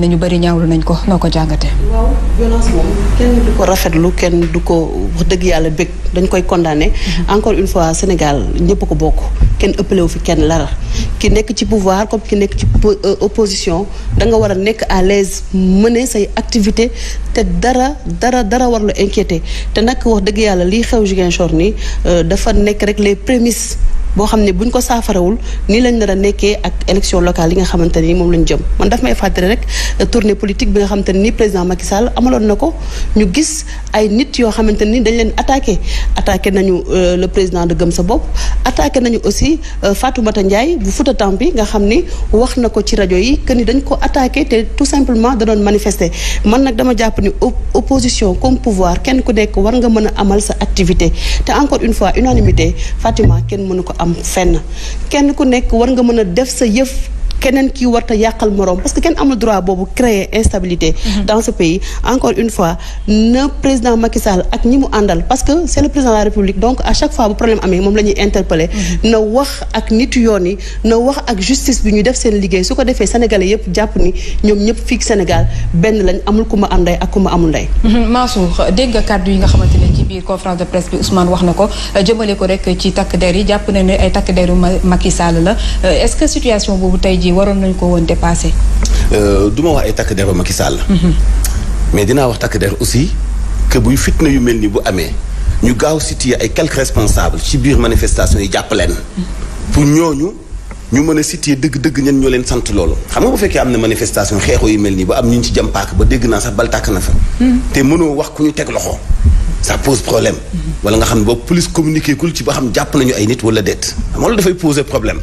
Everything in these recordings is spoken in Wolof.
ne ñu bëri ñaawlu nañ ko noo ko jàngatee. waaw du ko rafetlu kenn du ko wax dëgg yàlla bëgg dañ koy condamné. Mhm. encore une fois Sénégal ñëpp ko bokk kenn ëppale wu fi kenn lara ki nekk ci pouvoir comme ki nekk ci euh, opposition da nga war a nekk à l'aise mener say activité te dara dara dara war la inquiété te nag wax dëgg yàlla liy xew Ziguinchor nii euh, dafa nekk rek les prémices. boo xam ne bu ñu ko saafarawul ni lañ nar a nekkee ak élection locale yi nga xamante ni moom lañ jëm man daf may fàttali rek euh, tournée politique bi nga xamante ni président Macky Sall amaloon na ko ñu gis ay nit yoo xamante ni dañ leen attaqué attaqué nañu euh, le président de Gëm sa bopp attaqué nañu aussi euh, Fatoumata Ndiaye bu Fouta Tampi nga xam ni wax na ko ci rajo yi que ni dañ ko attaqué te tout simplement da doon manifester man nag dama jàpp ni opposition comme kenn ku nekk war nga mën a amal sa activité te encore une fois unanimité Fatima kenn mënu ko am am fenn kenn ku nekk war nga mën a def sa yëf keneen kii warta yàqal moroom parce que kenn amul droit boobu créer instabilité mhm. dans ce pays encore une fois na président Macky ak ñi mu àndal parce que c'est président de la République donc à chaque fois bu problème amee moom la ñuy mhm. na wax ak nitu yoon yi na wax ak justice bi ñu def seen liggéey su ko defee sénégalais yëpp jàpp ni ñoom ñëpp fii Sénégal benn lañ amul ku am ndey ak ku amul ndey mhm. Mansour dégg nga yi nga xamante ne bi Ousmane wax na ko euh, jëmale ko rek ci takk ji waroon nañ ko woon dépassé. Euh, du ma wax ay takk der Macky Sall. Mhm. mais dinaa wax takk der aussi que buy fitna yu mel ni bu amee ñu gaaw situer ay quelques responsables ci biir manifestation yi jàpp leen. pour ñooñu ñu mën a situer dëgg-dëgg ñan ñoo leen sant loolu. xam nga bu fekkee am na manifestation xeexoo yu mel nii ba am ñu ci jëm paak ba dégg naa sax bal tàkk na fa. Mhm. te mënoo wax ku ñu teg loxo. ça pose problème. wala nga xam ne boobu police communiqué kul ci ba xam jàpp nañu ay nit wala déet xam nga dafay poser problème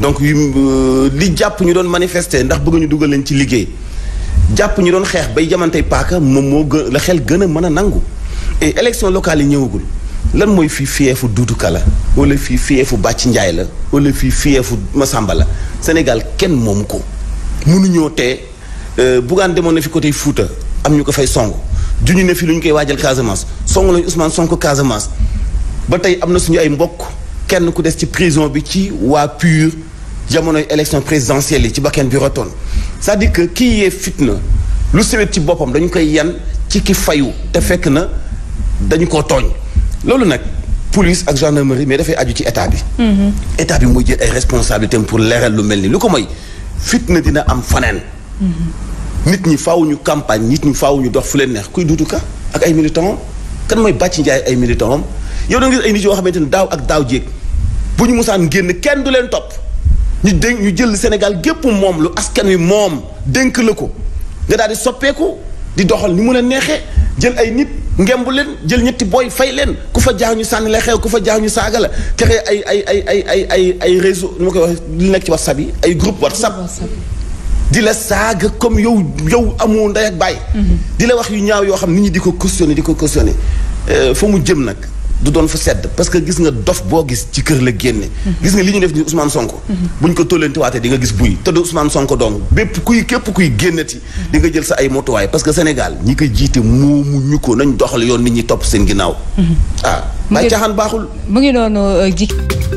donc euh, li jàpp ñu doon manifester ndax bëgg ñu dugal leen ci liggéey jàpp ñu doon xeex bay jamantey paaka moom moo gën la xel gën a mën a nangu et élection yi ñëwagul lan mooy fii fiyeefu Doudou Ka la wala fii fiyeefu Bàcc Njaay la wala fii fiyeefu Masamba la Sénégal kenn moomu ko mënuñoo te euh, Bougane demoon na fi côté Fouta am ñu ko fay song juñu ne fi lu ñu koy waajal Casamance song lañu Ousmane Sonko Casamance ba tey am na suñu ay mbokk kenn ku des ci prison bi ci waa PUR jamonoy élection présidentielle yi ci bakkan bi rotoon c'est-à-dire que kii yee fitna lu sewet ci boppam dañu koy yan ci ki fayu te fekk na dañu ko tooñ loolu nag police ak gendarmerie mais dafay aju ci état bi mm-hmm. état bi mooy jël ay responsabilités pour leeral lu mel ni lu ko mooy fitna dina am faneen mm-hmm. nit ñi faw ñu campagne nit ñi faw ñu dox fu leen neex kuy duutu ka ak ay militant am kan mooy bàcc njaay ay militant am yow da nga gis yoo xamante ne daaw daaw jéeg bu ñu musaan génn kenn du leen topp ñu dénk ñu jël Sénégal gépp moom lu askan wi moom dénk la ko nga daal di soppeeku di doxal ni mu leen neexee jël ay nit ngemb leen jël ñetti booy fay leen ku fa jaax ñu sànni la xew ku fa jaax ñu saaga la créé ay ay ay ay ay ay réseau nu ma koy wax li nekk ci whatsapp yi ay groupe whatsapp di la saaga comme yow yow amoo ndey ak bàyyi. Mm-hmm. di la wax yu ñaaw yoo xam nit ñi di ko cautionné di ko cautionné euh, fa mu jëm nag du doon fa sedd parce que gis nga dof boo gis ci kër la génne. Mm-hmm. gis nga li ñu def ni Ousmane Sonko. Mm-hmm. buñ ko tollantiwaatee di nga gis buy te du Ousmane Sonko dong bépp kuy képp kuy génnati. di nga jël sa ay motuwaay parce que Sénégal ñi ko jiite moomu ñu ko nañ doxal yoon nit ñi topp seen ginnaaw. ah. mu ngi caaxaan baaxul mu ngi noonu euh,